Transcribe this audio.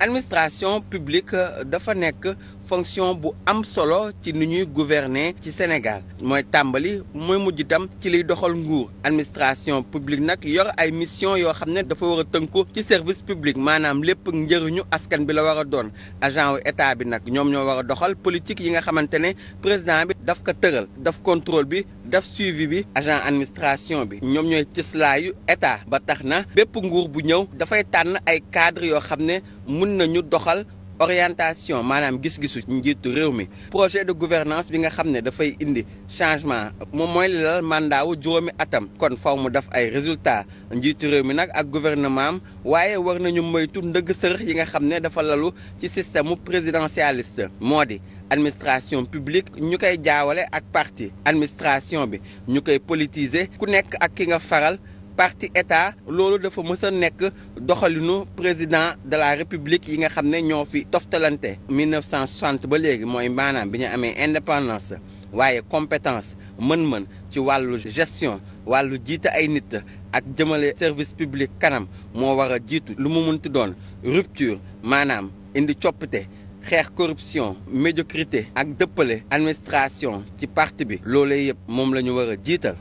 administration publique euh, dafa nekk fonction bu am solo ci ni ñuy gouverner ci Sénégal mooy tàmbali mooy mujj itam ci liy doxal nguur administration publique nag yor ay mission yoo xam ne dafa war a tënku ci service public maanaam lépp njëriñu askan bi la war a doon agent wu état bi nag ñoom ñoo war a doxal politique yi nga xamante ne président bi daf ko tëral daf contrôle bi daf suivi bi agent administration bi ñoom ñooy cëslaayu état ba tax na bépp nguur bu ñëw dafay tànn ay cadre yoo xam ne mun nañu doxal orientation maanaam gis-gisu njiitu réew mi projet de gouvernance bi nga xam ne dafay indi changement moom mooy lal mandat juróomi atam kon faw mu def ay résultats njiitu réew mi nag ak gouvernement am waaye war nañu moytu ndëgg sërëx yi nga xam ne dafa lalu ci système mu présidentialiste moo di administration publique ñu koy jaawale ak parti administration bi ñu koy politiser ku nekk ak ki nga faral parti état loolu dafa mës a nekk doxalinu président de la république yi nga xam ne ñoo fi toftalante 1960 ba léegi mooy maanaam bi ñu amee indépendance waaye compétence mën-mën ci wàllu gestion wàllu jiite ay nit ak jëmale service publique kanam moo war a jiitu lu mu munti doon rupture maanaam indi coppite xeex corruption médiocrité ak dëppale administration ci parti bi loolee yëpp moom la ñu war a jiital